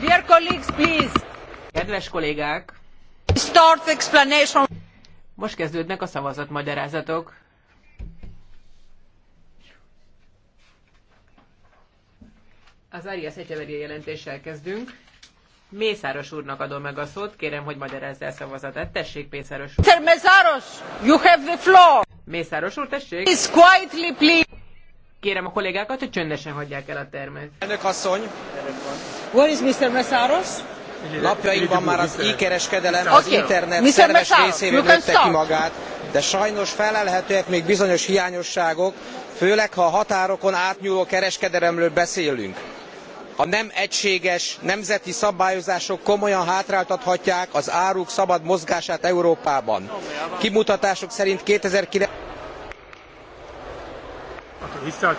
Dear colleagues, please. Kedves kollégák! Start explanation. Most kezdődnek a szavazatmagyarázatok. Az Arias Echeverria jelentéssel kezdünk. Mészáros úrnak adom meg a szót, kérem, hogy magyarázza a szavazatát. Tessék, Mészáros úr. Mészáros, you have the floor. Mészáros úr, tessék. It's quietly, please kérem a kollégákat, hogy csöndesen hagyják el a termet. Elnök asszony! Where is Mr. Messaros? Napjainkban már az e-kereskedelem az internet szerves Messaros, nőtte ki magát, de sajnos felelhetőek még bizonyos hiányosságok, főleg ha a határokon átnyúló kereskedelemről beszélünk. A nem egységes nemzeti szabályozások komolyan hátráltathatják az áruk szabad mozgását Európában. Kimutatások szerint 2009 Okay, he start.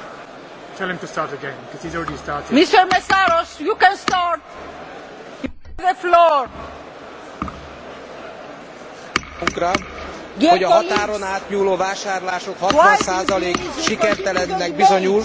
Tell him to start again, because he's already started. Mr. Messaros, you can start. the floor. hogy a határon átnyúló vásárlások 60%-ig sikertelennek bizonyul,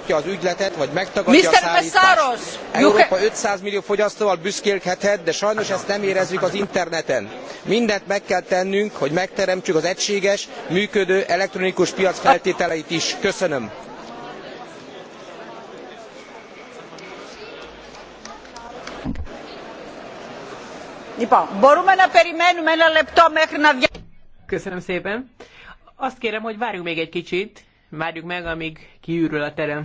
megtámadja az ügyletet vagy megtagadja a szálltást. európa five hundred millió fogyasztóval büszkélkedhet de sajnos ezt nem érezzük az interneten. mindent meg kell tennünk hogy megteremtsük az egységes működő elektronikus piac feltételeit is. köszönöm. Köszönöm szépen. Azt kérem, hogy várjunk még egy kicsit, Várjuk meg, amíg kiürül a terem.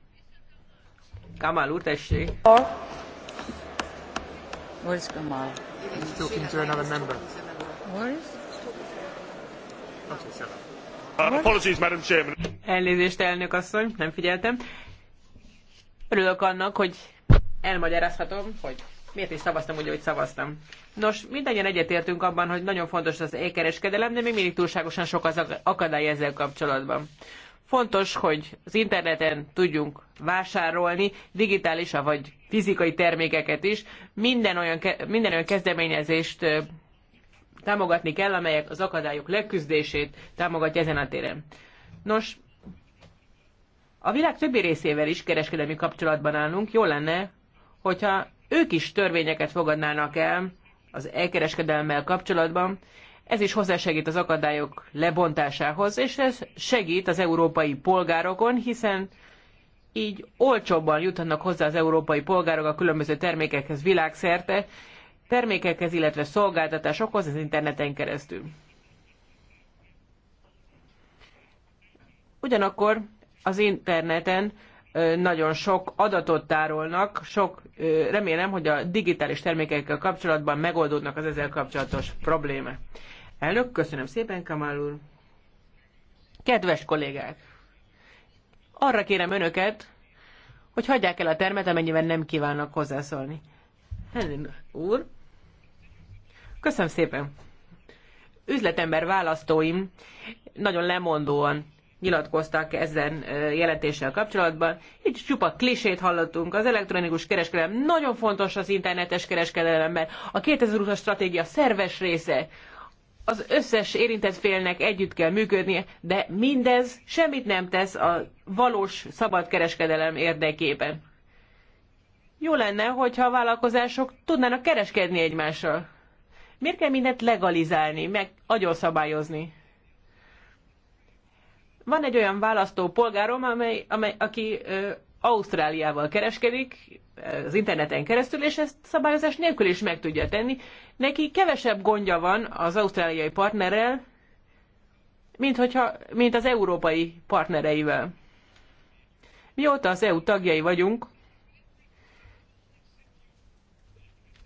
Kamal úr, tessék. Where is Kamal? He's talking to another member. Where is? Uh, apologies, Madam Chairman. Elnézést, elnök asszony, nem figyeltem. Örülök annak, hogy elmagyarázhatom, hogy miért is szavaztam úgy, hogy szavaztam. Nos, mindannyian egyetértünk abban, hogy nagyon fontos az ékereskedelem, de még mindig túlságosan sok az akadály ezzel kapcsolatban. Fontos, hogy az interneten tudjunk vásárolni digitális vagy fizikai termékeket is. Minden olyan, minden olyan kezdeményezést támogatni kell, amelyek az akadályok leküzdését támogatja ezen a téren. Nos, a világ többi részével is kereskedelmi kapcsolatban állunk. Jó lenne, hogyha ők is törvényeket fogadnának el az elkereskedelemmel kapcsolatban, ez is hozzásegít az akadályok lebontásához, és ez segít az európai polgárokon, hiszen így olcsóbban juthatnak hozzá az európai polgárok a különböző termékekhez világszerte, termékekhez, illetve szolgáltatásokhoz az interneten keresztül. Ugyanakkor az interneten nagyon sok adatot tárolnak, sok, remélem, hogy a digitális termékekkel kapcsolatban megoldódnak az ezzel kapcsolatos problémák. Elnök, köszönöm szépen, Kamal úr. Kedves kollégák! Arra kérem önöket, hogy hagyják el a termet, amennyiben nem kívánnak hozzászólni. Helen úr, köszönöm szépen. Üzletember választóim nagyon lemondóan nyilatkoztak ezen jelentéssel kapcsolatban. Itt csupa klisét hallottunk. Az elektronikus kereskedelem nagyon fontos az internetes kereskedelemben. A 2020-as stratégia szerves része az összes érintett félnek együtt kell működnie, de mindez semmit nem tesz a valós szabadkereskedelem érdekében. Jó lenne, hogyha a vállalkozások tudnának kereskedni egymással. Miért kell mindent legalizálni, meg szabályozni? Van egy olyan választó polgárom, amely, amely, aki ö, Ausztráliával kereskedik, az interneten keresztül, és ezt szabályozás nélkül is meg tudja tenni. Neki kevesebb gondja van az ausztráliai partnerrel, mint, hogyha, mint az európai partnereivel. Mióta az EU tagjai vagyunk,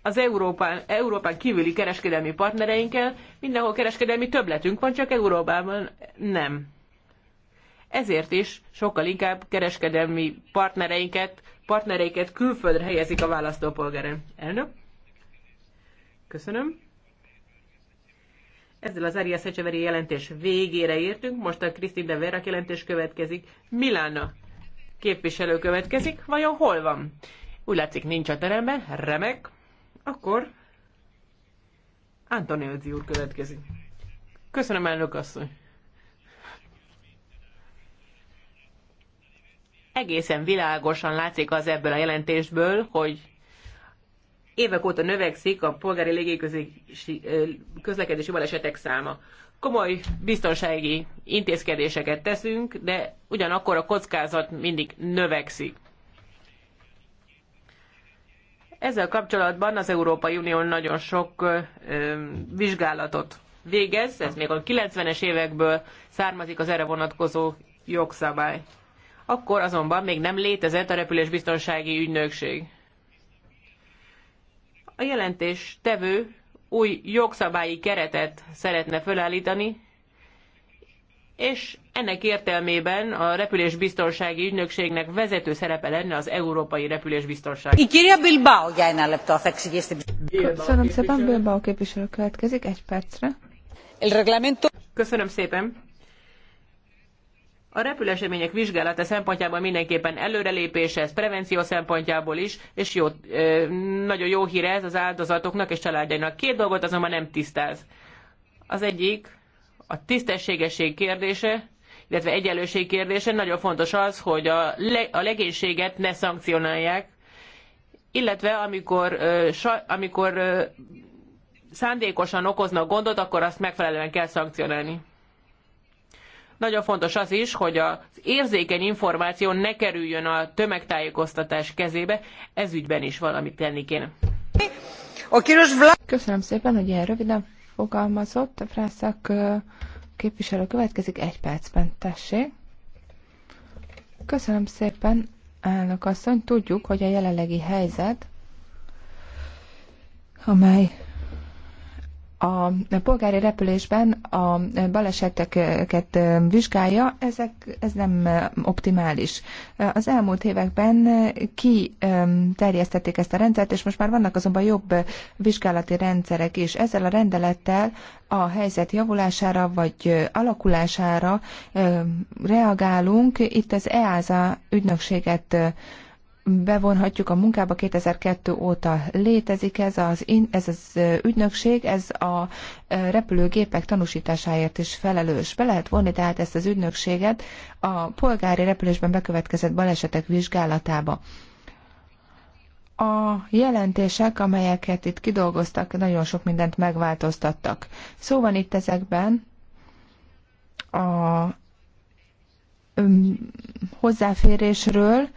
az Európán, Európán kívüli kereskedelmi partnereinkkel mindenhol kereskedelmi többletünk van, csak Európában nem. Ezért is sokkal inkább kereskedelmi partnereinket partnereiket külföldre helyezik a választópolgáron. Elnök? Köszönöm. Ezzel az Arias Ecseveri jelentés végére értünk, most a Krisztin de Verak jelentés következik. Milána képviselő következik, vajon hol van? Úgy látszik, nincs a teremben, remek. Akkor Antonio úr következik. Köszönöm, elnök asszony. egészen világosan látszik az ebből a jelentésből, hogy évek óta növekszik a polgári légiközlekedési balesetek száma. Komoly biztonsági intézkedéseket teszünk, de ugyanakkor a kockázat mindig növekszik. Ezzel kapcsolatban az Európai Unió nagyon sok vizsgálatot végez, ez még a 90-es évekből származik az erre vonatkozó jogszabály. Akkor azonban még nem létezett a repülésbiztonsági ügynökség. A jelentés tevő új jogszabályi keretet szeretne felállítani, és ennek értelmében a repülésbiztonsági ügynökségnek vezető szerepe lenne az európai repülésbiztonság. Bilbao, Köszönöm szépen, Bilbao képviselő következik egy percre. Köszönöm szépen. A repülesemények vizsgálata szempontjából mindenképpen előrelépés ez, prevenció szempontjából is, és jó, nagyon jó hír ez az áldozatoknak és családjainak. Két dolgot azonban nem tisztáz. Az egyik a tisztességesség kérdése, illetve egyenlőség kérdése. Nagyon fontos az, hogy a, le, a legénységet ne szankcionálják, illetve amikor, ö, sa, amikor ö, szándékosan okoznak gondot, akkor azt megfelelően kell szankcionálni. Nagyon fontos az is, hogy az érzékeny információ ne kerüljön a tömegtájékoztatás kezébe, ez ügyben is valamit tenni kéne. Köszönöm szépen, hogy ilyen röviden fogalmazott. Frászak képviselő következik egy percben, tessék. Köszönöm szépen, elnök asszony. Tudjuk, hogy a jelenlegi helyzet, amely a polgári repülésben a baleseteket vizsgálja, ezek, ez nem optimális. Az elmúlt években terjesztették ezt a rendszert, és most már vannak azonban jobb vizsgálati rendszerek is. Ezzel a rendelettel a helyzet javulására vagy alakulására reagálunk. Itt az EASA ügynökséget bevonhatjuk a munkába. 2002 óta létezik ez az, ez az ügynökség, ez a repülőgépek tanúsításáért is felelős. Be lehet vonni tehát ezt az ügynökséget a polgári repülésben bekövetkezett balesetek vizsgálatába. A jelentések, amelyeket itt kidolgoztak, nagyon sok mindent megváltoztattak. Szó van itt ezekben a hozzáférésről,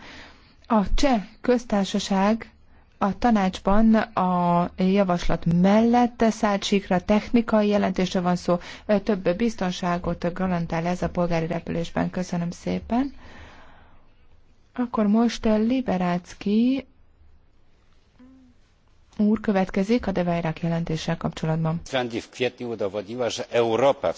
a cseh köztársaság a tanácsban a javaslat mellett szállt síkra technikai jelentésre van szó, több biztonságot garantál ez a polgári repülésben. Köszönöm szépen. Akkor most Liberácki úr következik a Deveirak jelentéssel kapcsolatban. Európa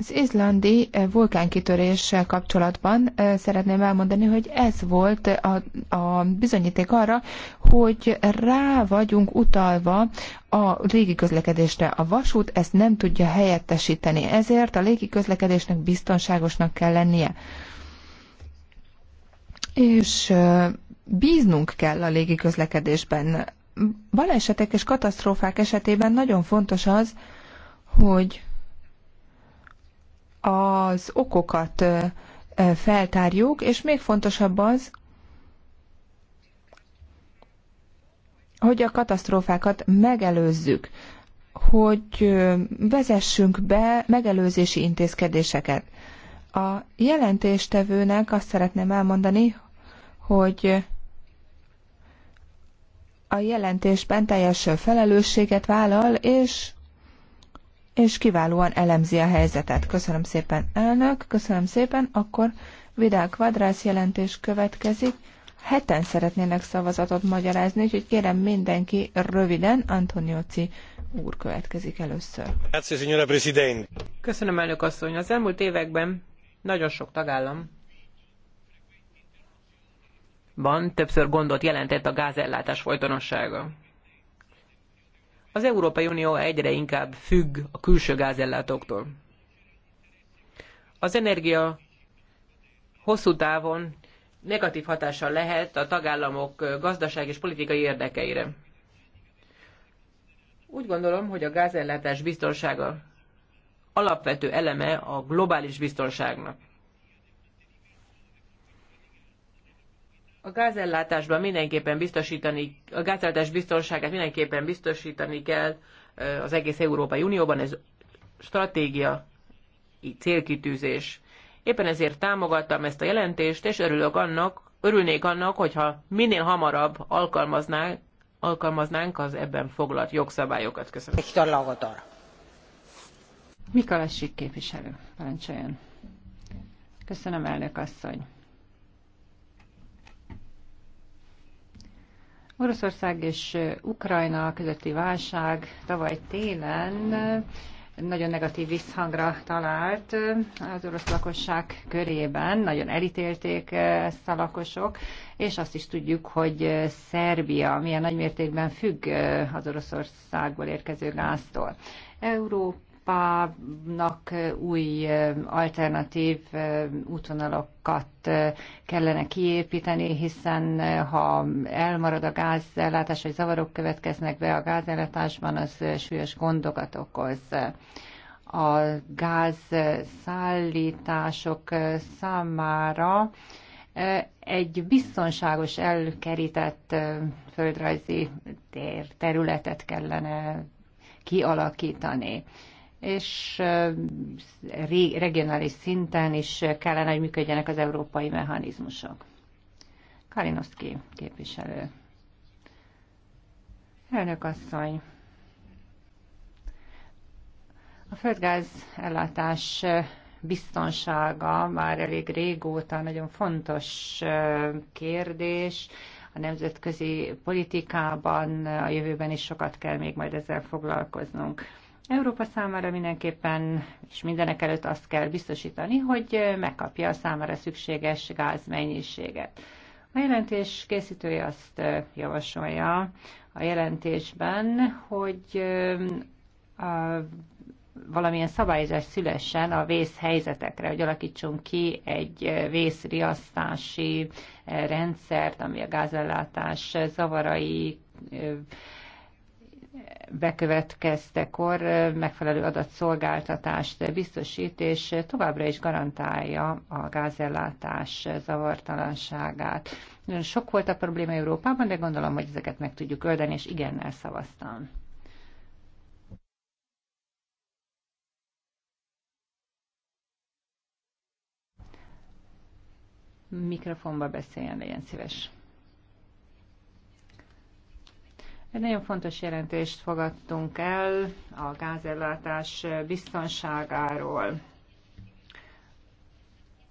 az izlandi eh, vulkánkitöréssel kapcsolatban eh, szeretném elmondani, hogy ez volt a, a bizonyíték arra, hogy rá vagyunk utalva a közlekedésre A vasút ezt nem tudja helyettesíteni, ezért a légiközlekedésnek biztonságosnak kell lennie. És eh, bíznunk kell a légiközlekedésben. Balesetek és katasztrófák esetében nagyon fontos az, hogy az okokat feltárjuk, és még fontosabb az, hogy a katasztrófákat megelőzzük, hogy vezessünk be megelőzési intézkedéseket. A jelentéstevőnek azt szeretném elmondani, hogy a jelentésben teljes felelősséget vállal, és és kiválóan elemzi a helyzetet. Köszönöm szépen, elnök, köszönöm szépen, akkor Vidál Kvadrász jelentés következik. Heten szeretnének szavazatot magyarázni, úgyhogy kérem mindenki röviden, Antonioci úr következik először. Köszönöm, elnök asszony. Az elmúlt években nagyon sok tagállam Van többször gondot jelentett a gázellátás folytonossága. Az Európai Unió egyre inkább függ a külső gázellátóktól. Az energia hosszú távon negatív hatással lehet a tagállamok gazdaság és politikai érdekeire. Úgy gondolom, hogy a gázellátás biztonsága alapvető eleme a globális biztonságnak. A gázellátásban mindenképpen biztosítani, a gázellátás biztonságát mindenképpen biztosítani kell az egész Európai Unióban, ez stratégia, célkitűzés. Éppen ezért támogattam ezt a jelentést, és örülök annak, örülnék annak, hogyha minél hamarabb alkalmaznánk, alkalmaznánk az ebben foglalt jogszabályokat. Köszönöm. Viktor Lagodor. Mikolásik képviselő, parancsoljon. Köszönöm, elnök asszony. Oroszország és Ukrajna közötti válság tavaly télen nagyon negatív visszhangra talált az orosz lakosság körében, nagyon elítélték ezt a lakosok, és azt is tudjuk, hogy Szerbia milyen nagymértékben függ az Oroszországból érkező gáztól. Európa Európának új alternatív útvonalakat kellene kiépíteni, hiszen ha elmarad a gázellátás, vagy zavarok következnek be a gázellátásban, az súlyos gondokat okoz a gázszállítások számára egy biztonságos, elkerített földrajzi területet kellene kialakítani és regionális szinten is kellene, hogy működjenek az európai mechanizmusok. Kalinowski képviselő. Elnök asszony, a földgáz ellátás biztonsága már elég régóta nagyon fontos kérdés. A nemzetközi politikában a jövőben is sokat kell még majd ezzel foglalkoznunk. Európa számára mindenképpen és mindenek előtt azt kell biztosítani, hogy megkapja a számára szükséges gázmennyiséget. A jelentés készítője azt javasolja a jelentésben, hogy a valamilyen szabályozás szülessen a vészhelyzetekre, hogy alakítsunk ki egy vészriasztási rendszert, ami a gázellátás zavarai bekövetkeztekor megfelelő adatszolgáltatást biztosít, és továbbra is garantálja a gázellátás zavartalanságát. Nagyon sok volt a probléma Európában, de gondolom, hogy ezeket meg tudjuk oldani, és igennel szavaztam. Mikrofonba beszéljen, legyen szíves. Egy nagyon fontos jelentést fogadtunk el a gázellátás biztonságáról.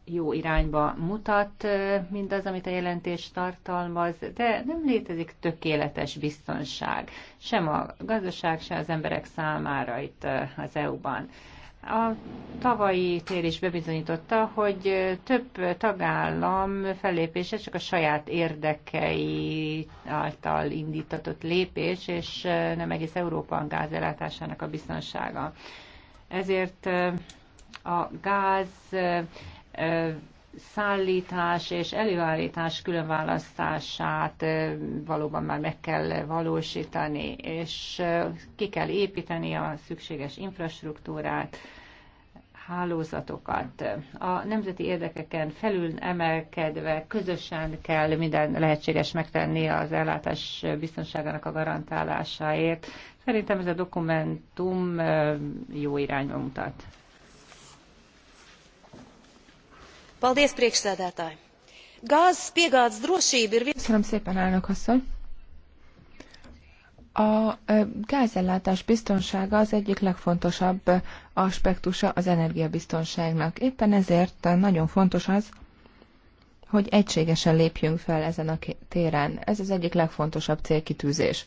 Jó irányba mutat mindaz, amit a jelentés tartalmaz, de nem létezik tökéletes biztonság, sem a gazdaság, sem az emberek számára itt az EU-ban. A tavalyi tér is bebizonyította, hogy több tagállam fellépése csak a saját érdekei által indítatott lépés, és nem egész Európa gázellátásának a biztonsága. Ezért a gáz szállítás és előállítás különválasztását valóban már meg kell valósítani, és ki kell építeni a szükséges infrastruktúrát, hálózatokat. A nemzeti érdekeken felül emelkedve közösen kell minden lehetséges megtenni az ellátás biztonságának a garantálásáért. Szerintem ez a dokumentum jó irányba mutat. Paldies, priekšsēdētāji! Gāzes piegādes drošība ir... Köszönöm szépen, elnök asszony! A gázellátás biztonsága az egyik legfontosabb aspektusa az energiabiztonságnak. Éppen ezért nagyon fontos az, hogy egységesen lépjünk fel ezen a téren. Ez az egyik legfontosabb célkitűzés.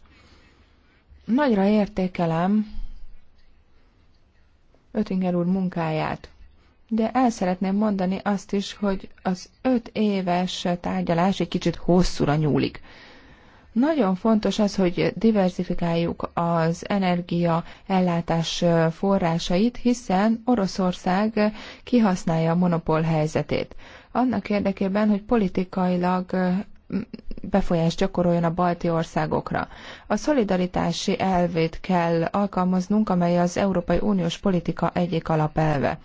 Nagyra értékelem Ötinger úr munkáját, de el szeretném mondani azt is, hogy az öt éves tárgyalás egy kicsit hosszúra nyúlik. Nagyon fontos az, hogy diversifikáljuk az energia ellátás forrásait, hiszen Oroszország kihasználja a monopól helyzetét. Annak érdekében, hogy politikailag befolyást gyakoroljon a balti országokra. A szolidaritási elvét kell alkalmaznunk, amely az Európai Uniós politika egyik alapelve.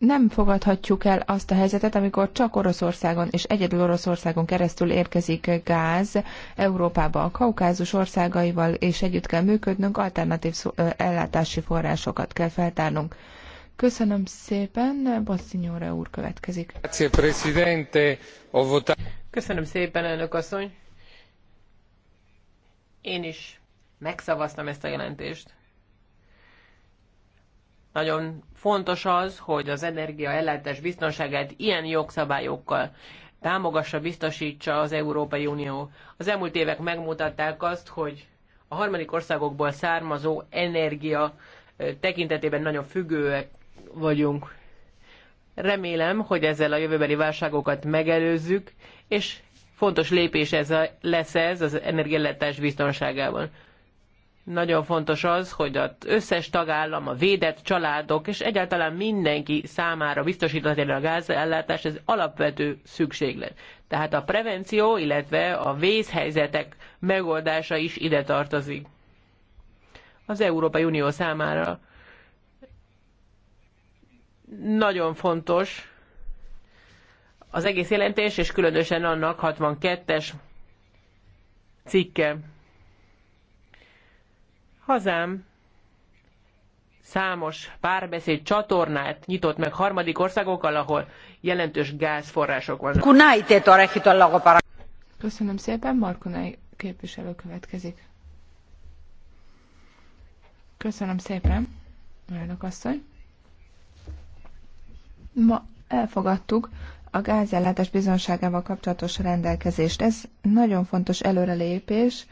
nem fogadhatjuk el azt a helyzetet, amikor csak Oroszországon és egyedül Oroszországon keresztül érkezik gáz Európába. A kaukázus országaival és együtt kell működnünk, alternatív ellátási forrásokat kell feltárnunk. Köszönöm szépen, Basszinyóra úr következik. Köszönöm szépen, elnök asszony. Én is megszavaztam ezt a jelentést. Nagyon fontos az, hogy az energiaellátás biztonságát ilyen jogszabályokkal támogassa, biztosítsa az Európai Unió. Az elmúlt évek megmutatták azt, hogy a harmadik országokból származó energia tekintetében nagyon függőek vagyunk. Remélem, hogy ezzel a jövőbeli válságokat megelőzzük, és fontos lépés ez a, lesz ez az energiállátás biztonságában. Nagyon fontos az, hogy az összes tagállam, a védett családok és egyáltalán mindenki számára biztosított legyen a gázellátás, ez alapvető szükséglet. Tehát a prevenció, illetve a vészhelyzetek megoldása is ide tartozik. Az Európai Unió számára nagyon fontos az egész jelentés, és különösen annak 62-es cikke. Hazám számos párbeszéd csatornát nyitott meg harmadik országokkal, ahol jelentős gázforrások vannak. Kunai Köszönöm szépen, Markonai képviselő következik. Köszönöm szépen, elnök asszony. Ma elfogadtuk a gázellátás bizonságával kapcsolatos rendelkezést. Ez nagyon fontos előrelépés,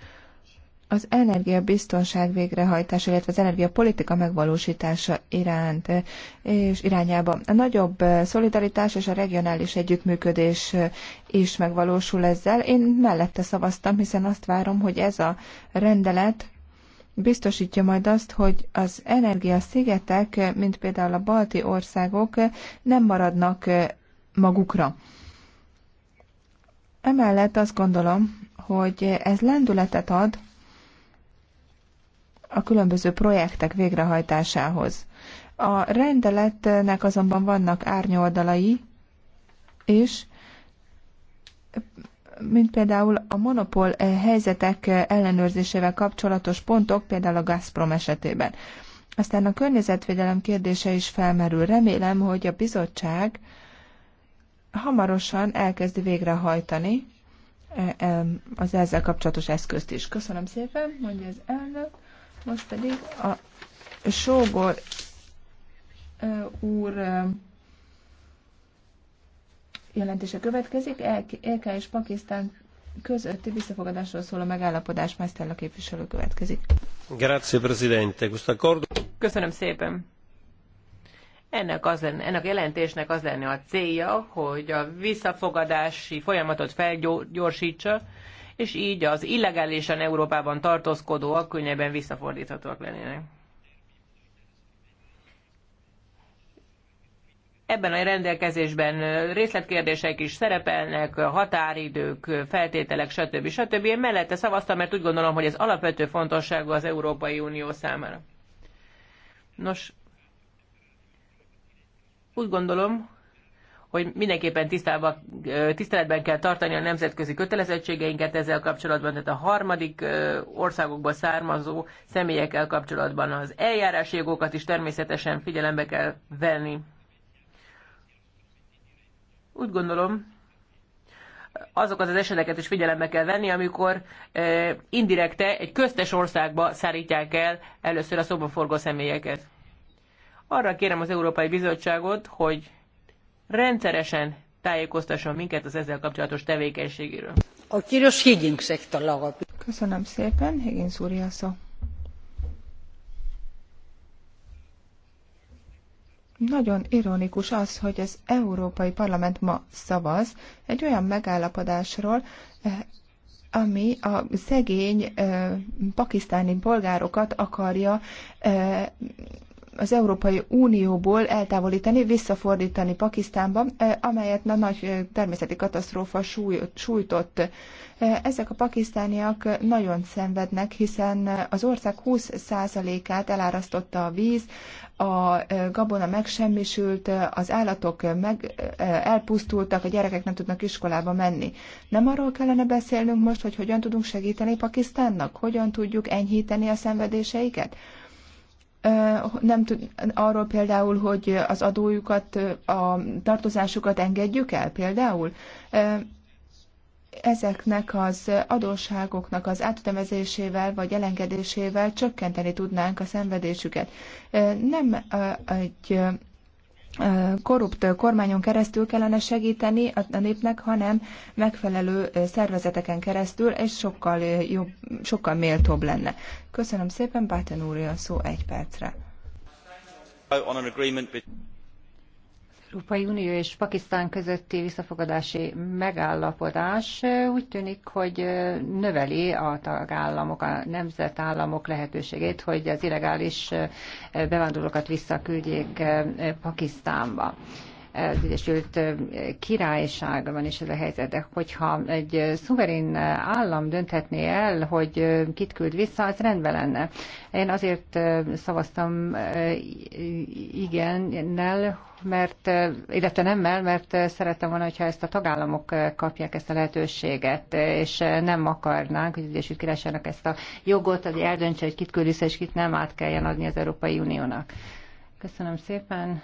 az energiabiztonság végrehajtása, illetve az energiapolitika megvalósítása iránt eh, és irányába. A nagyobb eh, szolidaritás és a regionális együttműködés eh, is megvalósul ezzel. Én mellette szavaztam, hiszen azt várom, hogy ez a rendelet biztosítja majd azt, hogy az energiaszigetek, mint például a balti országok nem maradnak magukra. Emellett azt gondolom, hogy ez lendületet ad a különböző projektek végrehajtásához. A rendeletnek azonban vannak árnyoldalai, és mint például a monopól eh, helyzetek eh, ellenőrzésével kapcsolatos pontok, például a Gazprom esetében. Aztán a környezetvédelem kérdése is felmerül. Remélem, hogy a bizottság hamarosan elkezdi végrehajtani eh, az ezzel kapcsolatos eszközt is. Köszönöm szépen, mondja az elnök. Most pedig a Sógor úr jelentése következik. LK és Pakisztán közötti visszafogadásról szól a megállapodás, Mesztella képviselő következik. Grazie, Presidente. Köszönöm szépen. Ennek, az lenne, ennek a jelentésnek az lenne a célja, hogy a visszafogadási folyamatot felgyorsítsa, és így az illegálisan Európában tartózkodóak könnyebben visszafordíthatóak lennének. Ebben a rendelkezésben részletkérdések is szerepelnek, határidők, feltételek, stb. stb. Én mellette szavaztam, mert úgy gondolom, hogy ez alapvető fontosságú az Európai Unió számára. Nos, úgy gondolom, hogy mindenképpen tisztába, tiszteletben kell tartani a nemzetközi kötelezettségeinket ezzel kapcsolatban, tehát a harmadik országokból származó személyekkel kapcsolatban az eljárási jogokat is természetesen figyelembe kell venni. Úgy gondolom, azokat az eseteket is figyelembe kell venni, amikor indirekte egy köztes országba szárítják el először a szobaforgó személyeket. Arra kérem az Európai Bizottságot, hogy rendszeresen tájékoztasson minket az ezzel kapcsolatos tevékenységéről. A kíros Higgins Köszönöm szépen, Higgins úr Nagyon ironikus az, hogy az Európai Parlament ma szavaz egy olyan megállapodásról, eh, ami a szegény eh, pakisztáni polgárokat akarja eh, az Európai Unióból eltávolítani, visszafordítani Pakisztánba, eh, amelyet a nagy eh, természeti katasztrófa sújtott. Eh, ezek a pakisztániak nagyon szenvednek, hiszen az ország 20%-át elárasztotta a víz, a gabona megsemmisült, az állatok meg, elpusztultak, a gyerekek nem tudnak iskolába menni. Nem arról kellene beszélnünk most, hogy hogyan tudunk segíteni Pakisztánnak? Hogyan tudjuk enyhíteni a szenvedéseiket? nem tud, arról például, hogy az adójukat, a tartozásukat engedjük el például? Ezeknek az adósságoknak az átütemezésével vagy elengedésével csökkenteni tudnánk a szenvedésüket. Nem egy korrupt kormányon keresztül kellene segíteni a népnek, hanem megfelelő szervezeteken keresztül, és sokkal, jobb, sokkal méltóbb lenne. Köszönöm szépen, Báten úr, a szó egy percre Európai Unió és Pakisztán közötti visszafogadási megállapodás úgy tűnik, hogy növeli a tagállamok, a nemzetállamok lehetőségét, hogy az illegális bevándorlókat visszaküldjék Pakisztánba az Egyesült Királyságban is ez a helyzet, de hogyha egy szuverén állam dönthetné el, hogy kit küld vissza, az rendben lenne. Én azért szavaztam e, igennel, mert, e, illetve el, mert szerettem volna, hogyha ezt a tagállamok kapják ezt a lehetőséget, és nem akarnánk, hogy az Egyesült Királyságnak ezt a jogot, hogy eldöntse, hogy kit küld vissza, és kit nem át kelljen adni az Európai Uniónak. Köszönöm szépen.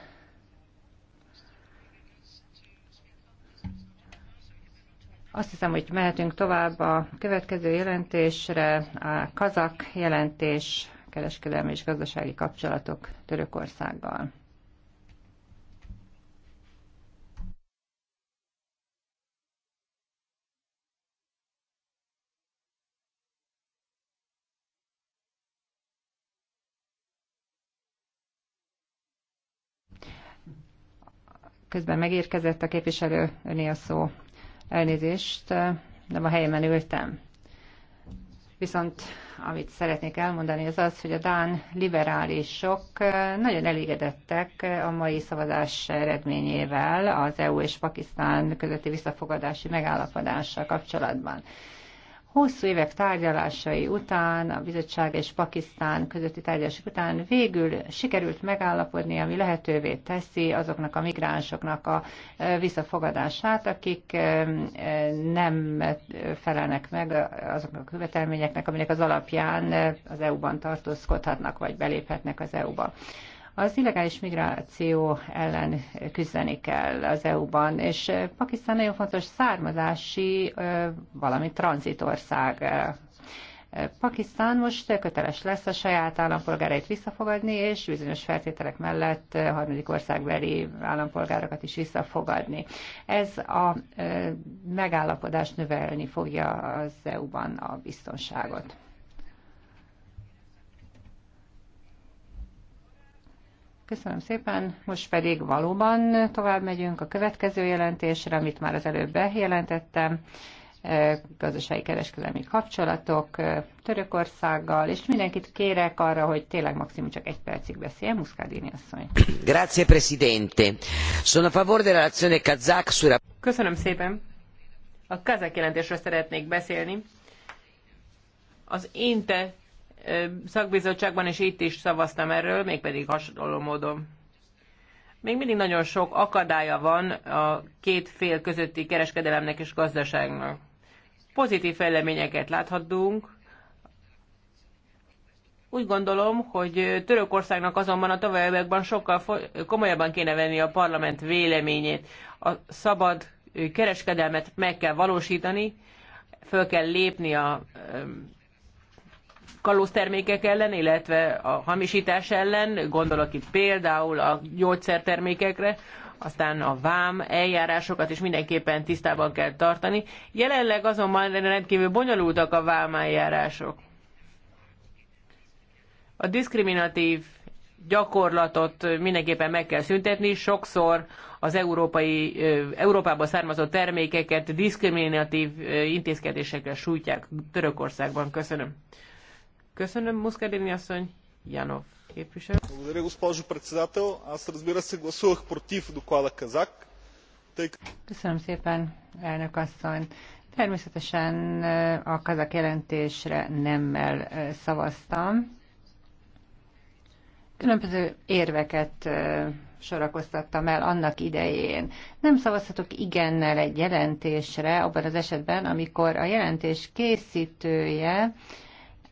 Azt hiszem, hogy mehetünk tovább a következő jelentésre, a kazak jelentés, kereskedelmi és gazdasági kapcsolatok Törökországgal. Közben megérkezett a képviselő, öné a szó. Elnézést, nem a helyemen ültem. Viszont amit szeretnék elmondani, az az, hogy a Dán liberálisok eh, nagyon elégedettek a mai szavazás eredményével az EU és Pakisztán közötti visszafogadási megállapodással kapcsolatban hosszú évek tárgyalásai után, a bizottság és Pakisztán közötti tárgyalások után végül sikerült megállapodni, ami lehetővé teszi azoknak a migránsoknak a visszafogadását, akik nem felelnek meg azoknak a követelményeknek, aminek az alapján az EU-ban tartózkodhatnak, vagy beléphetnek az EU-ba. Az illegális migráció ellen küzdeni kell az EU-ban, és Pakisztán nagyon fontos származási, valami tranzitország Pakisztán most köteles lesz a saját állampolgárait visszafogadni, és bizonyos feltételek mellett harmadik országbeli állampolgárokat is visszafogadni. Ez a megállapodás növelni fogja az EU-ban a biztonságot. Köszönöm szépen. Most pedig valóban tovább megyünk a következő jelentésre, amit már az előbb bejelentettem e, gazdasági kereskedelmi kapcsolatok e, Törökországgal, és mindenkit kérek arra, hogy tényleg maximum csak egy percig beszéljen, Muscadini asszony. Grazie, Presidente. Sono a favor della relazione kazak sura... Köszönöm szépen. A kazak jelentésről szeretnék beszélni. Az INTE szakbizottságban, és itt is szavaztam erről, mégpedig hasonló módon. Még mindig nagyon sok akadálya van a két fél közötti kereskedelemnek és gazdaságnak. Pozitív fejleményeket láthatunk. Úgy gondolom, hogy Törökországnak azonban a továbbiakban sokkal komolyabban kéne venni a parlament véleményét. A szabad kereskedelmet meg kell valósítani, föl kell lépni a kalóztermékek ellen, illetve a hamisítás ellen, gondolok itt például a gyógyszertermékekre, aztán a vám eljárásokat is mindenképpen tisztában kell tartani. Jelenleg azonban rendkívül bonyolultak a vám eljárások. A diszkriminatív gyakorlatot mindenképpen meg kell szüntetni. Sokszor az európai, európában származó termékeket diszkriminatív intézkedésekre sújtják Törökországban. Köszönöm. Köszönöm, Muszkadini asszony. Janov képviselő. Благодаря, госпожо председател. Аз разбира се гласувах против доклада Казак. Köszönöm szépen, elnök asszony. Természetesen a kazak jelentésre nemmel szavaztam. Különböző érveket sorakoztattam el annak idején. Nem szavazhatok igennel egy jelentésre, abban az esetben, amikor a jelentés készítője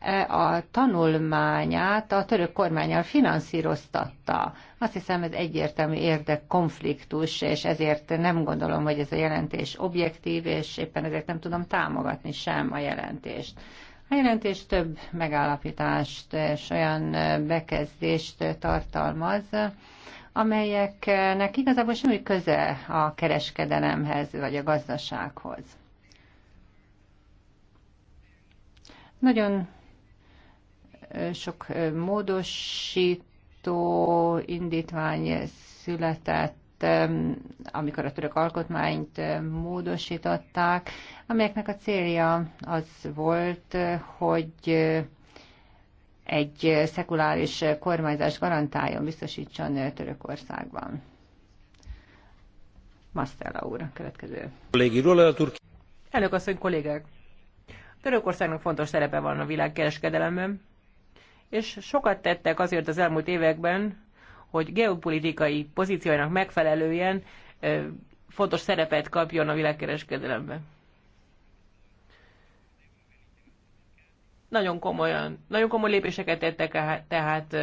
E, a tanulmányát a török kormányal finanszíroztatta. Azt hiszem, ez egyértelmű érdekkonfliktus, és ezért nem gondolom, hogy ez a jelentés objektív, és éppen ezért nem tudom támogatni sem a jelentést. A jelentés több megállapítást és olyan e, bekezdést tartalmaz, amelyeknek igazából semmi köze a kereskedelemhez vagy a gazdasághoz. Nagyon sok módosító indítvány született amikor a török alkotmányt módosították, amelyeknek a célja az volt, hogy egy szekuláris kormányzás garantáljon, biztosítson Törökországban. Mastella úr, következő. Elnök asszony, kollégák! Törökországnak fontos szerepe van a világkereskedelemben, és sokat tettek azért az elmúlt években, hogy geopolitikai pozíciójának megfelelően fontos szerepet kapjon a világkereskedelemben. Nagyon komolyan, nagyon komoly lépéseket tettek tehát,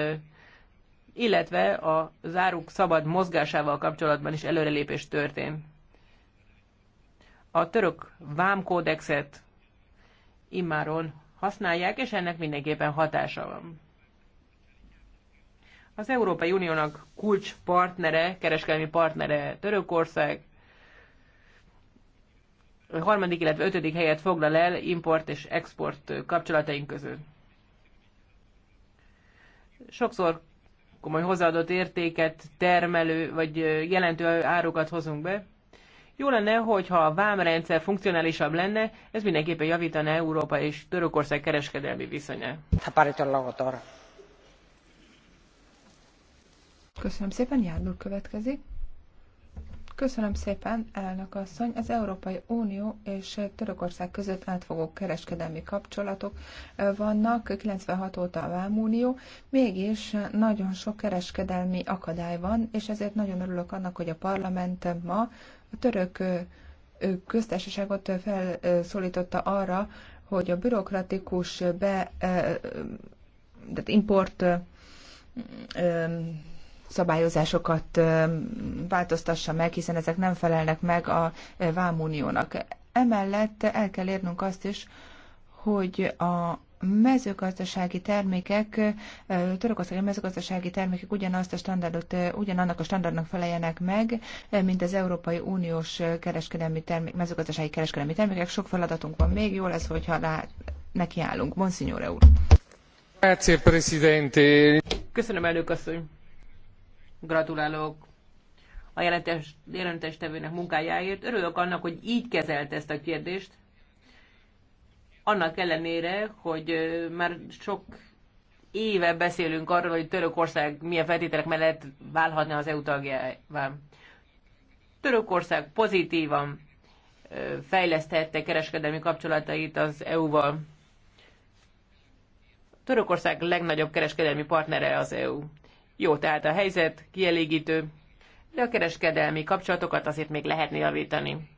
illetve a záruk szabad mozgásával kapcsolatban is előrelépés történt. A török vámkódexet immáron használják, és ennek mindenképpen hatása van. Az Európai Uniónak kulcs partnere, kereskedelmi partnere Törökország, a harmadik, illetve ötödik helyet foglal el import és export kapcsolataink között. Sokszor komoly hozzáadott értéket termelő, vagy jelentő árukat hozunk be, jó lenne, hogyha a vámrendszer funkcionálisabb lenne, ez mindenképpen javítana Európa és Törökország kereskedelmi viszonya. Köszönöm szépen, Járdul következik. Köszönöm szépen, elnök asszony. Az Európai Unió és Törökország között átfogó kereskedelmi kapcsolatok eh, vannak, 96 óta a Vámunió, mégis nagyon sok kereskedelmi akadály van, és ezért nagyon örülök annak, hogy a parlament ma a török köztársaságot felszólította arra, hogy a bürokratikus be, tehát import szabályozásokat változtassa meg, hiszen ezek nem felelnek meg a vámuniónak. Emellett el kell érnünk azt is, hogy a mezőgazdasági termékek, törökországi mezőgazdasági termékek ugyanazt a standardot, ugyanannak a standardnak feleljenek meg, mint az Európai Uniós kereskedelmi termék, mezőgazdasági kereskedelmi termékek. Sok feladatunk van még, jó lesz, hogyha rá nekiállunk. Monsignore úr. Köszönöm, elnök asszony. Gratulálok a jelentéstevőnek munkájáért. Örülök annak, hogy így kezelt ezt a kérdést annak ellenére, hogy már sok éve beszélünk arról, hogy Törökország milyen feltételek mellett válhatna az EU tagjává. Törökország pozitívan fejlesztette kereskedelmi kapcsolatait az EU-val. Törökország legnagyobb kereskedelmi partnere az EU. Jó, tehát a helyzet kielégítő, de a kereskedelmi kapcsolatokat azért még lehetne javítani.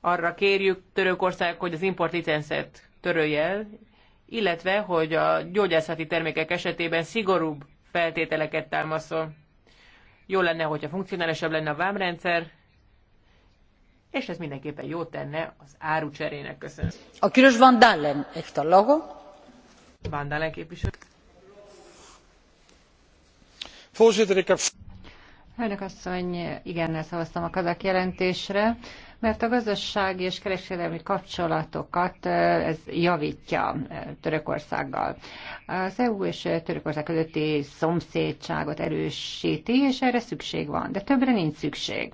arra kérjük Törökország, hogy az importlicenszet törölje el, illetve, hogy a gyógyászati termékek esetében szigorúbb feltételeket támaszol. Jó lenne, hogyha funkcionálisabb lenne a vámrendszer, és ez mindenképpen jó tenne az árucserének. Köszönöm. A Küros Van Dalen, ezt a Van Dalen képviselő. Voorzitter, a. heb... Elnök asszony, igennel szavaztam a kazak jelentésre mert a gazdasági és kereskedelmi kapcsolatokat ez javítja Törökországgal. Az EU és Törökország közötti szomszédságot erősíti, és erre szükség van, de többre nincs szükség.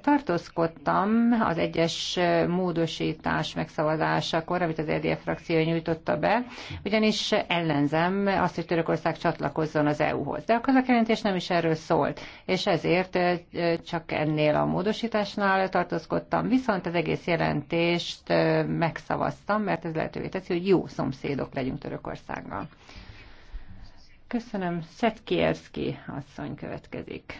Tartózkodtam az egyes módosítás megszavazásakor, amit az EDF frakció nyújtotta be, ugyanis ellenzem azt, hogy Törökország csatlakozzon az EU-hoz. De a kazakjelentés nem is erről szólt, és ezért csak ennél a módosításnál tartózkodtam. Viszont az egész jelentést megszavaztam, mert ez lehetővé teszi, hogy jó szomszédok legyünk Törökországgal. Köszönöm. Szetkielszki asszony következik.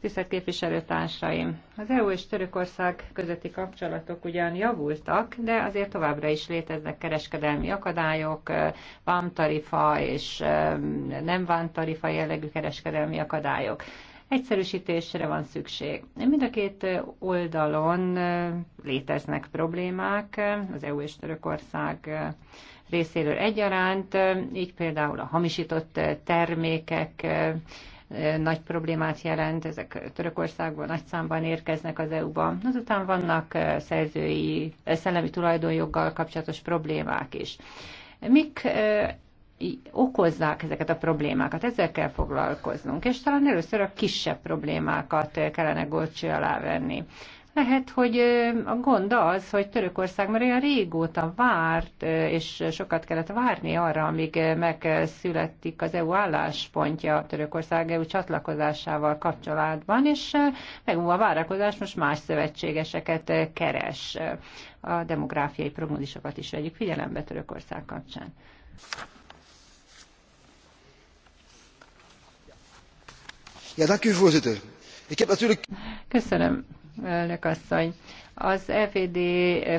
Tisztelt képviselőtársaim! Az EU és Törökország közötti kapcsolatok ugyan javultak, de azért továbbra is léteznek kereskedelmi akadályok, vámtarifa és nem vámtarifa jellegű kereskedelmi akadályok. Egyszerűsítésre van szükség. Mind a két oldalon léteznek problémák, az EU és Törökország részéről egyaránt, így például a hamisított termékek nagy problémát jelent, ezek Törökországból nagy számban érkeznek az EU-ba. Azután vannak eh, szerzői, eh, szellemi tulajdonjoggal kapcsolatos problémák is. Mik eh, okozzák ezeket a problémákat, ezzel kell foglalkoznunk, és talán először a kisebb problémákat kellene górcső alá venni. Lehet, hogy a gond az, hogy Törökország már olyan régóta várt, és sokat kellett várni arra, amíg megszületik az EU álláspontja a Törökország EU csatlakozásával kapcsolatban, és megmúlva a várakozás most más szövetségeseket keres. A demográfiai prognózisokat is vegyük figyelembe Törökország kapcsán. Ja, Köszönöm elnök asszony. Az FED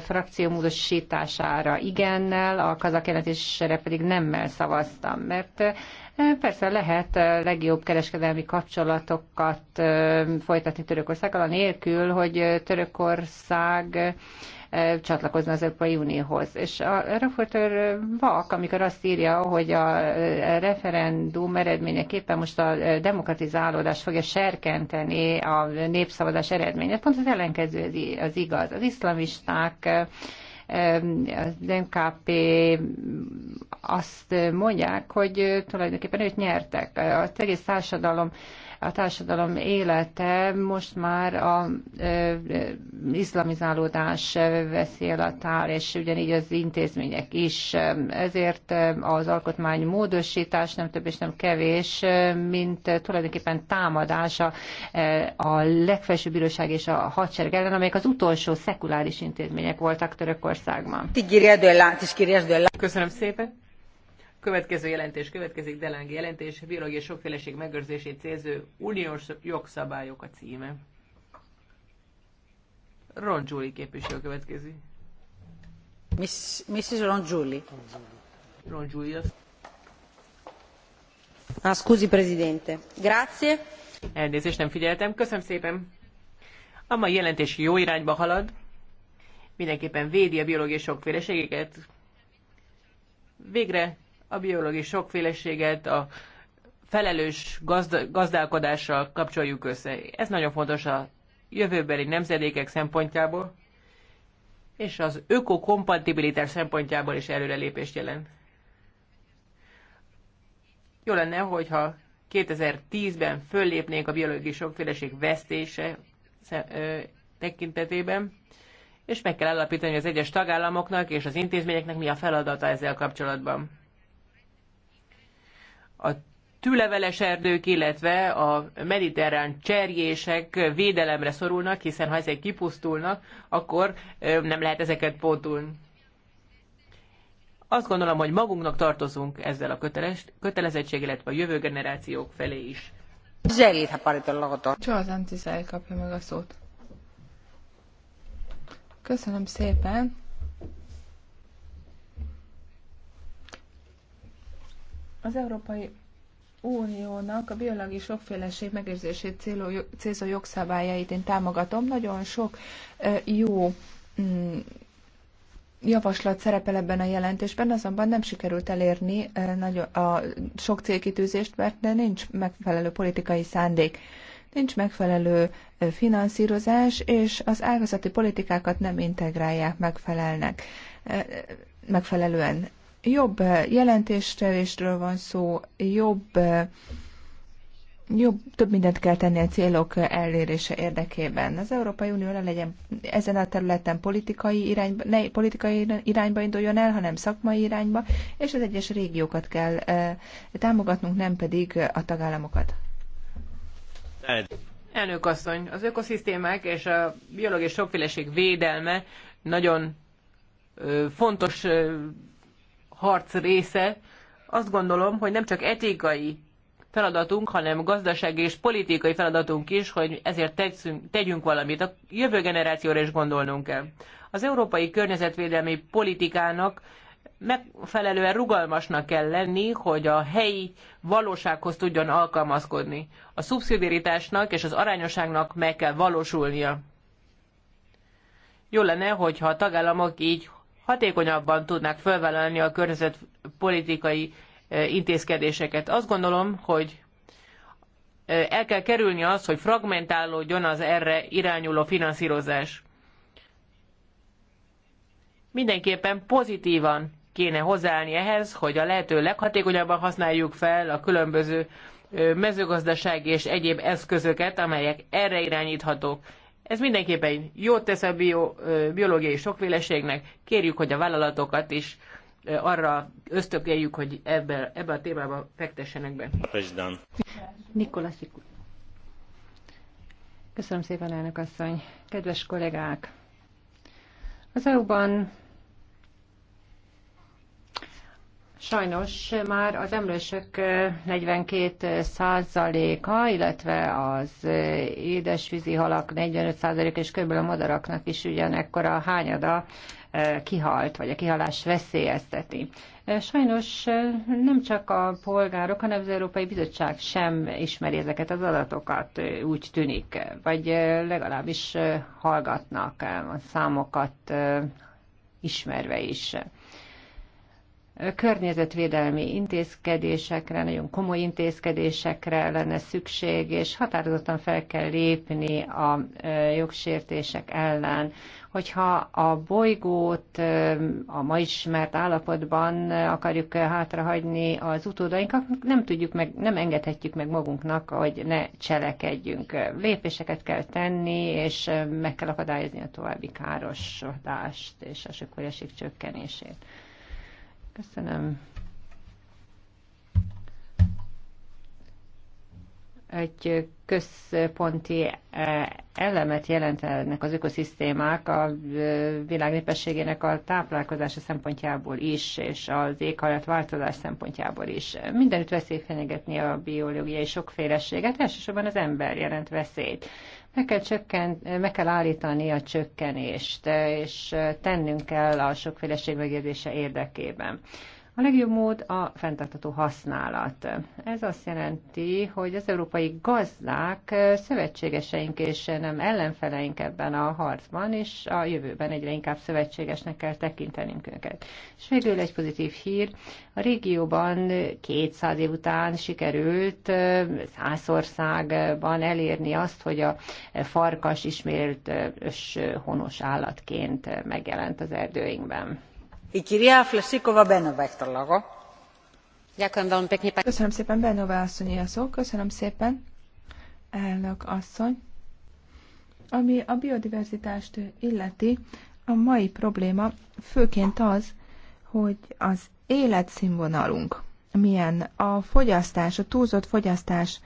frakció módosítására igennel, a kazak jelentésre pedig nemmel szavaztam, mert e, Persze lehet e, legjobb kereskedelmi kapcsolatokat e, folytatni Törökországgal, anélkül, hogy Törökország csatlakozna az Európai Unióhoz. És a reporter vak, amikor azt írja, hogy a referendum eredményeképpen most a demokratizálódás fogja serkenteni a népszavazás eredményét. pont az ellenkező az igaz. Az iszlamisták az NKP azt mondják, hogy tulajdonképpen őt nyertek. Az egész társadalom a társadalom élete most már a iszlamizálódás veszél a tár, és ugyanígy az intézmények is. Ezért az alkotmány módosítás nem több és nem kevés, mint tulajdonképpen támadása a legfelsőbb bíróság és a hadsereg ellen, amelyek az utolsó szekuláris intézmények voltak Törökországban. Köszönöm szépen! Következő jelentés következik, Delengi jelentés, biológiai sokféleség megőrzését célző uniós jogszabályok a címe. Ron Giuli képviselő következik. Miss, Mrs. Ron Giuli. Ron Giulia. Ah, scusi, Presidente. Grazie. Elnézést, nem figyeltem. Köszönöm szépen. A mai jelentés jó irányba halad. Mindenképpen védi a biológiai sokféleségeket. Végre a biológiai sokféleséget a felelős gazda- gazdálkodással kapcsoljuk össze. Ez nagyon fontos a jövőbeli nemzedékek szempontjából, és az ökokompatibilitás szempontjából is előrelépést jelent. Jó lenne, hogyha 2010-ben föllépnénk a biológiai sokféleség vesztése tekintetében, és meg kell állapítani az egyes tagállamoknak és az intézményeknek mi a feladata ezzel kapcsolatban a tűleveles erdők, illetve a mediterrán cserjések védelemre szorulnak, hiszen ha ezek kipusztulnak, akkor nem lehet ezeket pótulni. Azt gondolom, hogy magunknak tartozunk ezzel a köteles, kötelezettség, illetve a jövő generációk felé is. Zseli, ha paritolagatok. Csazán kapja meg a szót. Köszönöm szépen. Az Európai Uniónak a biológiai sokféleség megőrzését célzó jogszabályait én támogatom. Nagyon sok jó mm, javaslat szerepel ebben a jelentésben, azonban nem sikerült elérni nagy a sok célkitűzést, mert nincs megfelelő politikai szándék. Nincs megfelelő finanszírozás, és az ágazati politikákat nem integrálják megfelelnek, megfelelően jobb eh, jelentéstelésről van szó, jobb, eh, jobb, több mindent kell tenni a célok eh, elérése érdekében. Az Európai Unió ne legyen ezen a területen politikai irányba, ne politikai irányba induljon el, hanem szakmai irányba, és az egyes régiókat kell támogatnunk, nem pedig a tagállamokat. Elnök asszony, az ökoszisztémák és a biológiai sokféleség védelme nagyon fontos harc része. Azt gondolom, hogy nem csak etikai feladatunk, hanem gazdasági és politikai feladatunk is, hogy ezért tegyünk, tegyünk valamit. A jövő generációra is gondolnunk kell. Az európai környezetvédelmi politikának megfelelően rugalmasnak kell lenni, hogy a helyi valósághoz tudjon alkalmazkodni. A szubszidiaritásnak és az arányosságnak meg kell valósulnia. Jó lenne, hogyha a tagállamok így hatékonyabban tudnák fölvállalni a környezetpolitikai e, intézkedéseket. Azt gondolom, hogy e, el kell kerülni azt, hogy fragmentálódjon az erre irányuló finanszírozás. Mindenképpen pozitívan kéne hozzáállni ehhez, hogy a lehető leghatékonyabban használjuk fel a különböző e, mezőgazdasági és egyéb eszközöket, amelyek erre irányíthatók. Ez mindenképpen jót tesz a bio, biológiai sokféleségnek, kérjük, hogy a vállalatokat is arra ösztökéljük, hogy ebbe, ebbe a témába fektessenek be. Nikolaszik. Köszönöm szépen, elnök asszony. Kedves kollégák! Az EU-ban Sajnos már az emlősök 42 százaléka, illetve az édesvízi halak 45 százaléka és kb. a madaraknak is ugyanekkor a hányada kihalt, vagy a kihalás veszélyezteti. Sajnos nem csak a polgárok, hanem az Európai Bizottság sem ismeri ezeket az adatokat, úgy tűnik, vagy legalábbis hallgatnak a számokat ismerve is környezetvédelmi intézkedésekre, nagyon komoly intézkedésekre lenne szükség, és határozottan fel kell lépni a jogsértések ellen. Hogyha a bolygót a ma ismert állapotban akarjuk hátrahagyni az utódainkat, nem tudjuk meg, nem engedhetjük meg magunknak, hogy ne cselekedjünk. Lépéseket kell tenni, és meg kell akadályozni a további károsodást és a sököresség csökkenését. Köszönöm. Egy központi eh, elemet jelentenek az ökoszisztémák a eh, világ népességének a táplálkozása szempontjából is, és az változás szempontjából is. Mindenütt veszély fenyegetni a biológiai sokféleséget, elsősorban az ember jelent veszélyt meg kell, csökkent, meg kell állítani a csökkenést, és tennünk kell a sokféleség megérdése érdekében. A legjobb mód a fenntartató használat. Ez azt jelenti, hogy az európai gazdák szövetségeseink és nem ellenfeleink ebben a harcban, és a jövőben egyre inkább szövetségesnek kell tekintenünk őket. És végül egy pozitív hír. A régióban 200 év után sikerült országban elérni azt, hogy a farkas ismét honos állatként megjelent az erdőinkben. Köszönöm szépen, Benova asszony a szó. Köszönöm szépen, elnök asszony. Ami a biodiverzitást illeti, a mai probléma főként az, hogy az életszínvonalunk milyen, a fogyasztás, a túlzott fogyasztás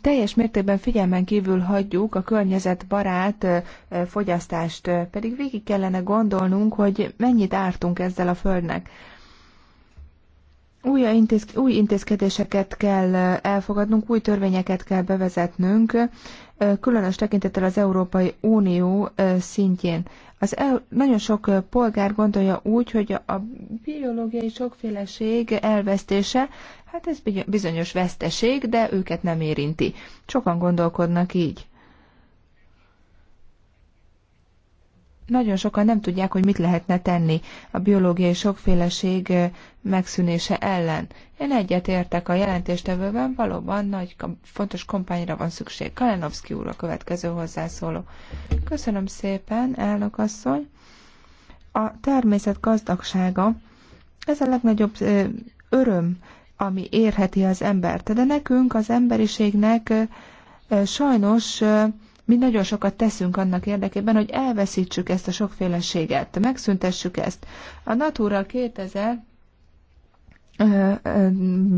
teljes mértékben figyelmen kívül hagyjuk a környezetbarát fogyasztást, pedig végig kellene gondolnunk, hogy mennyit ártunk ezzel a földnek. Új, intézk- új intézkedéseket kell elfogadnunk, új törvényeket kell bevezetnünk, különös tekintettel az Európai Unió szintjén. Az EU, nagyon sok polgár gondolja úgy, hogy a biológiai sokféleség elvesztése Hát ez bizonyos veszteség, de őket nem érinti. Sokan gondolkodnak így. Nagyon sokan nem tudják, hogy mit lehetne tenni a biológiai sokféleség megszűnése ellen. Én egyetértek a jelentéstevőben, valóban nagy, fontos kompányra van szükség. Kalenovszki úr a következő hozzászóló. Köszönöm szépen, elnök asszony. A természet gazdagsága, ez a legnagyobb öröm ami érheti az embert. De nekünk, az emberiségnek sajnos mi nagyon sokat teszünk annak érdekében, hogy elveszítsük ezt a sokféleséget, megszüntessük ezt. A Natura 2000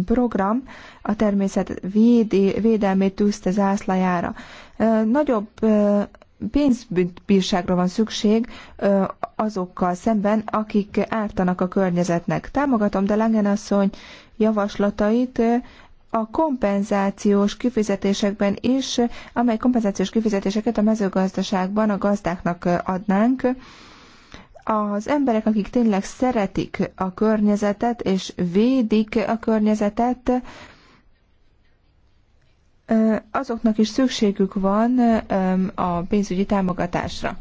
program a természet védi, védelmét tűzte zászlajára. Nagyobb pénzbírságra van szükség azokkal szemben, akik ártanak a környezetnek. Támogatom de Langen asszony javaslatait a kompenzációs kifizetésekben is, amely kompenzációs kifizetéseket a mezőgazdaságban a gazdáknak adnánk. Az emberek, akik tényleg szeretik a környezetet és védik a környezetet, azoknak is szükségük van a pénzügyi támogatásra.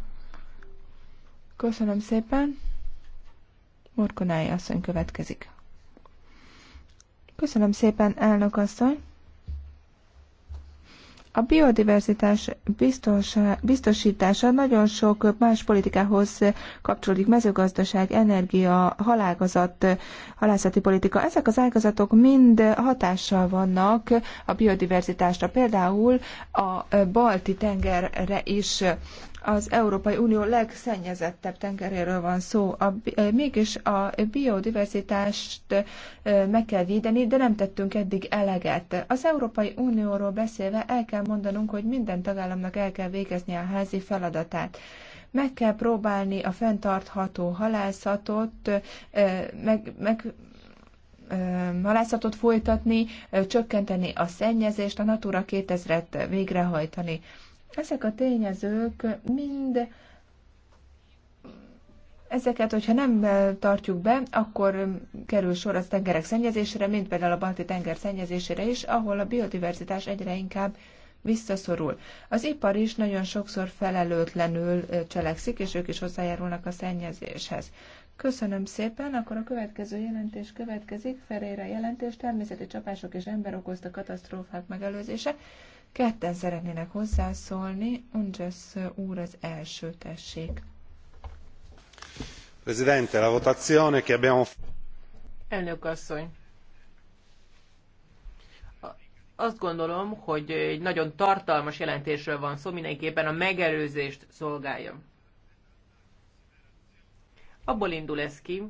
Köszönöm szépen. Morkonája asszony következik. Köszönöm szépen, elnök asszony. A biodiverzitás biztosítása nagyon sok más politikához kapcsolódik, mezőgazdaság, energia, halágazat, halászati politika. Ezek az ágazatok mind hatással vannak a biodiverzitásra. Például a balti tengerre is az Európai Unió legszennyezettebb tengeréről van szó. A, eh, mégis a biodiverzitást eh, meg kell védeni, de nem tettünk eddig eleget. Az Európai Unióról beszélve el kell mondanunk, hogy minden tagállamnak el kell végezni a házi feladatát meg kell próbálni a fenntartható halászatot, eh, meg, meg halászatot folytatni, csökkenteni a szennyezést, a Natura 2000-et végrehajtani. Ezek a tényezők mind Ezeket, hogyha nem tartjuk be, akkor kerül sor az tengerek szennyezésére, mint például a balti tenger szennyezésére is, ahol a biodiverzitás egyre inkább visszaszorul. Az ipar is nagyon sokszor felelőtlenül cselekszik, és ők is hozzájárulnak a szennyezéshez. Köszönöm szépen, akkor a következő jelentés következik, Ferére jelentés, természeti csapások és ember okozta katasztrófák megelőzése. Ketten szeretnének hozzászólni, Unges úr az első, tessék. Presidente, la votazione che abbiamo... Elnök asszony, azt gondolom, hogy egy nagyon tartalmas jelentésről van szó, mindenképpen a megelőzést szolgálja. Abból indul ez ki,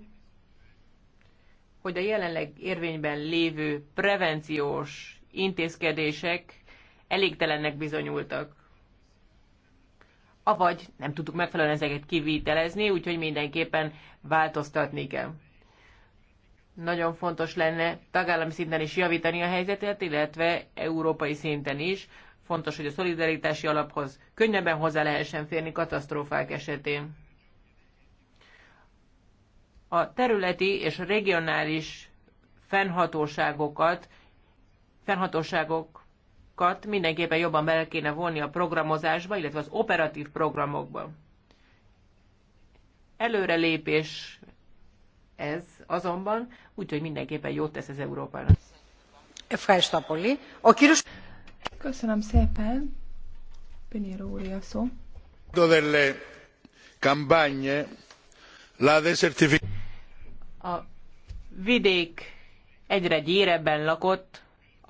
hogy a jelenleg érvényben lévő prevenciós intézkedések elégtelennek bizonyultak. Avagy nem tudtuk megfelelően ezeket kivitelezni, úgyhogy mindenképpen változtatni kell. Nagyon fontos lenne tagállami szinten is javítani a helyzetet, illetve európai szinten is. Fontos, hogy a szolidaritási alaphoz könnyebben hozzá lehessen férni katasztrófák esetén a területi és regionális fennhatóságokat, fennhatóságok kat mindenképpen jobban bele kéne vonni a programozásba, illetve az operatív programokba. Előrelépés ez azonban, úgyhogy mindenképpen jót tesz az Európának. Köszönöm szépen. Pinheiro úr a szó. A vidék egyre gyérebben lakott,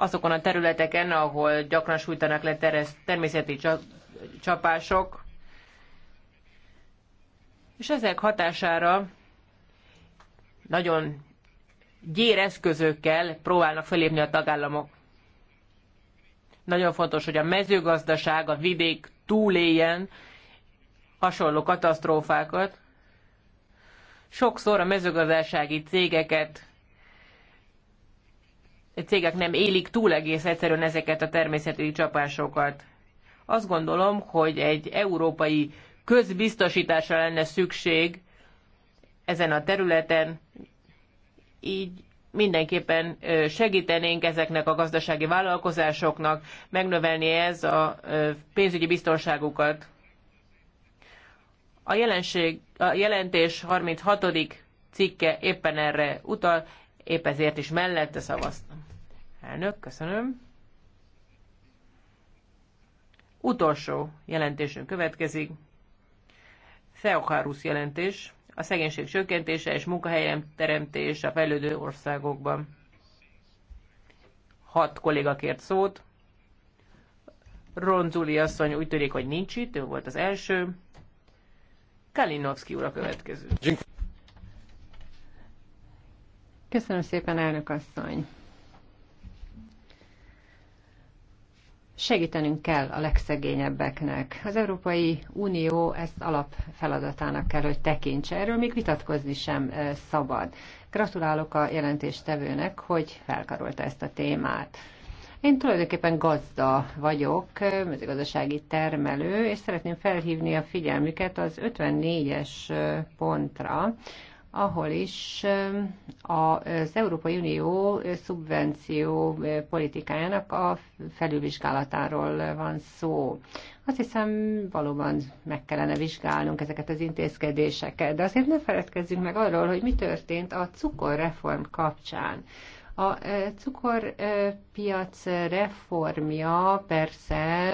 azokon a területeken, ahol gyakran sújtanak le természeti csapások, és ezek hatására nagyon gyér eszközökkel próbálnak felépni a tagállamok. Nagyon fontos, hogy a mezőgazdaság, a vidék túléljen hasonló katasztrófákat. Sokszor a mezőgazdasági cégeket cégek nem élik túl egész egyszerűen ezeket a természeti csapásokat. Azt gondolom, hogy egy európai közbiztosításra lenne szükség ezen a területen, így mindenképpen segítenénk ezeknek a gazdasági vállalkozásoknak, megnövelni ez a pénzügyi biztonságukat. A, jelenség, a jelentés 36. cikke éppen erre utal, épp ezért is mellette szavaztam. Elnök, köszönöm. Utolsó jelentésünk következik. Theocharus jelentés, a szegénység csökkentése és munkahelyem teremtés a fejlődő országokban. Hat kolléga kért szót. Ronzuli asszony úgy tűnik, hogy nincs itt, ő volt az első. Kalinowski úr a következő. Köszönöm szépen, elnök asszony. Segítenünk kell a legszegényebbeknek. Az Európai Unió ezt alapfeladatának kell, hogy tekintse. Erről még vitatkozni sem szabad. Gratulálok a jelentéstevőnek, hogy felkarolta ezt a témát. Én tulajdonképpen gazda vagyok, mezőgazdasági termelő, és szeretném felhívni a figyelmüket az 54-es pontra, ahol is az Európai Unió szubvenció politikájának a felülvizsgálatáról van szó. Azt hiszem, valóban meg kellene vizsgálnunk ezeket az intézkedéseket, de azért ne feledkezzünk meg arról, hogy mi történt a cukorreform kapcsán. A cukorpiac reformja persze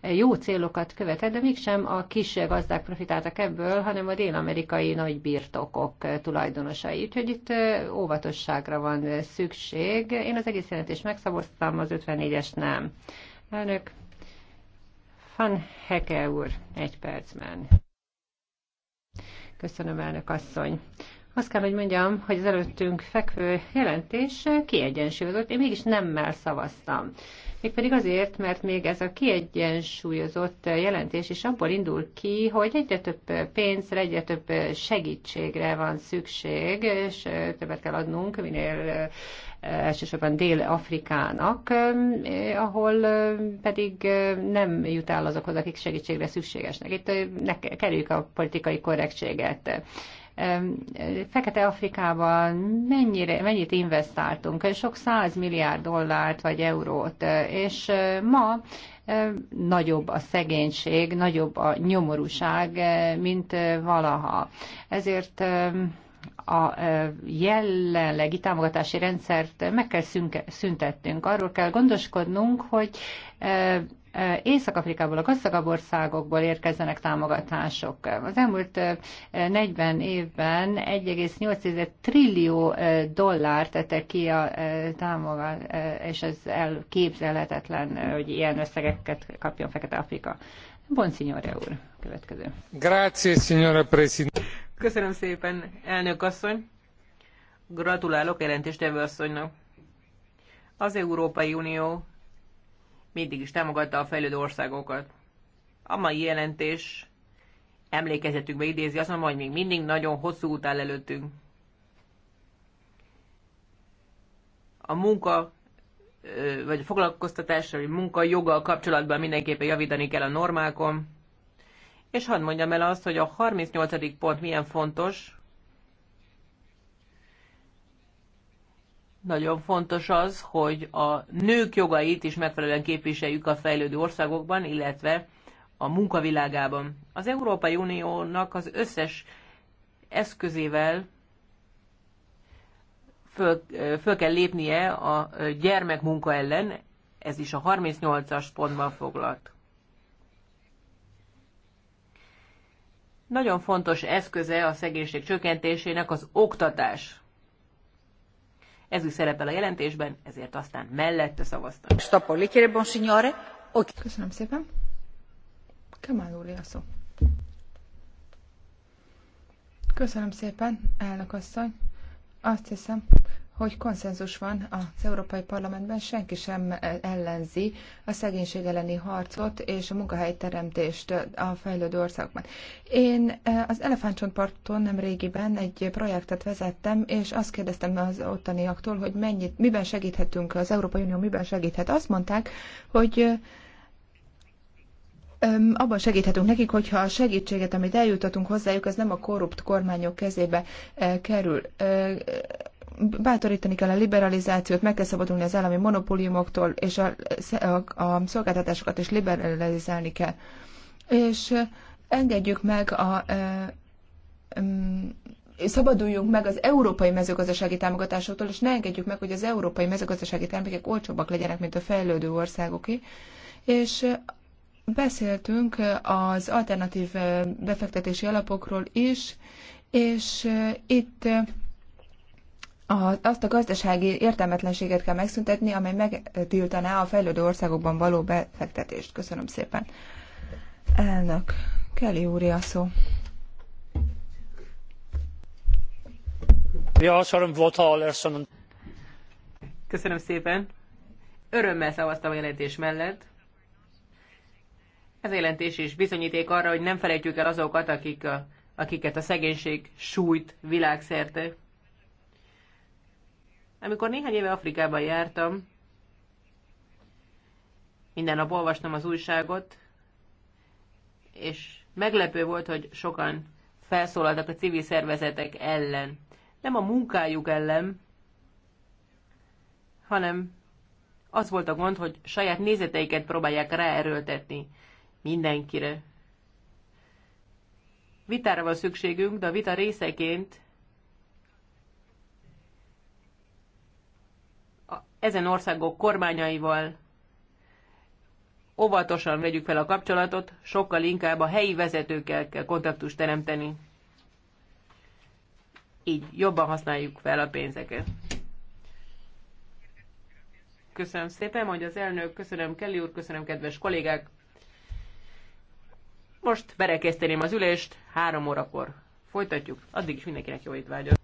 jó célokat követett, de mégsem a kis gazdák profitáltak ebből, hanem a dél-amerikai nagy birtokok tulajdonosai. Úgyhogy itt óvatosságra van szükség. Én az egész jelentést megszavoztam, az 54-es nem. Elnök, Van Heke úr, egy percben. Köszönöm, elnök asszony. Azt kell, hogy mondjam, hogy az előttünk fekvő jelentés kiegyensúlyozott, én mégis nemmel szavaztam. Mégpedig azért, mert még ez a kiegyensúlyozott jelentés is abból indul ki, hogy egyre több pénzre, egyre több segítségre van szükség, és többet kell adnunk, minél elsősorban Dél-Afrikának, ahol pedig nem jut el azokhoz, akik segítségre szükségesnek. Itt ne kerüljük a politikai korrektséget. Fekete-Afrikában mennyire, mennyit investáltunk? Sok száz milliárd dollárt vagy eurót, eh, és eh, ma eh, nagyobb a szegénység, nagyobb a nyomorúság, mint valaha. Ezért a jelenlegi támogatási rendszert meg kell szüntetnünk. Arról kell gondoskodnunk, hogy Észak-Afrikából, a gazdagabb országokból érkezzenek támogatások. Az elmúlt 40 évben 1,8 trillió dollár tette ki a támogat, és ez elképzelhetetlen, hogy ilyen összegeket kapjon Fekete Afrika. Bonsignore úr, következő. Grazie, signora Presidente. Köszönöm szépen, elnök asszony. Gratulálok jelentéstevő asszonynak. Az Európai Unió mindig is támogatta a fejlődő országokat. A mai jelentés emlékezetükbe idézi azt mondom, hogy még mindig nagyon hosszú út áll előttünk. A munka vagy a foglalkoztatásra, vagy munka joggal kapcsolatban mindenképpen javítani kell a normákon. És hadd mondjam el azt, hogy a 38. pont milyen fontos, Nagyon fontos az, hogy a nők jogait is megfelelően képviseljük a fejlődő országokban, illetve a munkavilágában. Az Európai Uniónak az összes eszközével föl, föl kell lépnie a gyermekmunka ellen, ez is a 38-as pontban foglalt. Nagyon fontos eszköze a szegénység csökkentésének az oktatás. Ez úgy szerepel a jelentésben, ezért aztán mellette szavaztam. Stopoli, kérem, bonsignore. Köszönöm szépen. Kemal úr, a szó. Köszönöm szépen, elnök asszony. Azt hiszem, hogy konszenzus van az Európai Parlamentben, senki sem ellenzi a szegénység elleni harcot és a munkahelyteremtést a fejlődő országban. Én eh, az Elefántcsontparton nem régiben egy projektet vezettem, és azt kérdeztem az ottaniaktól, hogy mennyit, miben segíthetünk, az Európai Unió miben segíthet. Azt mondták, hogy eh, abban segíthetünk nekik, hogyha a segítséget, amit eljutatunk hozzájuk, az nem a korrupt kormányok kezébe eh, kerül bátorítani kell a liberalizációt, meg kell szabadulni az állami monopóliumoktól, és a, a, a szolgáltatásokat is liberalizálni kell. És engedjük meg a e, szabaduljunk meg az európai mezőgazdasági támogatásoktól, és ne engedjük meg, hogy az európai mezőgazdasági termékek olcsóbbak legyenek, mint a fejlődő országoké. És beszéltünk az alternatív befektetési alapokról is, és itt a, azt a gazdasági értelmetlenséget kell megszüntetni, amely megtiltaná a fejlődő országokban való befektetést. Köszönöm szépen. Elnök, Kelly úr a szó. Köszönöm szépen. Örömmel szavaztam a jelentés mellett. Ez a jelentés is bizonyíték arra, hogy nem felejtjük el azokat, akik a, akiket a szegénység sújt világszerte amikor néhány éve Afrikában jártam, minden nap olvastam az újságot, és meglepő volt, hogy sokan felszólaltak a civil szervezetek ellen. Nem a munkájuk ellen, hanem az volt a gond, hogy saját nézeteiket próbálják ráerőltetni mindenkire. Vitára van szükségünk, de a vita részeként ezen országok kormányaival óvatosan vegyük fel a kapcsolatot, sokkal inkább a helyi vezetőkkel kell kontaktust teremteni. Így jobban használjuk fel a pénzeket. Köszönöm szépen, hogy az elnök, köszönöm Kelly úr, köszönöm kedves kollégák. Most berekezteném az ülést, három órakor folytatjuk. Addig is mindenkinek jó étvágyat.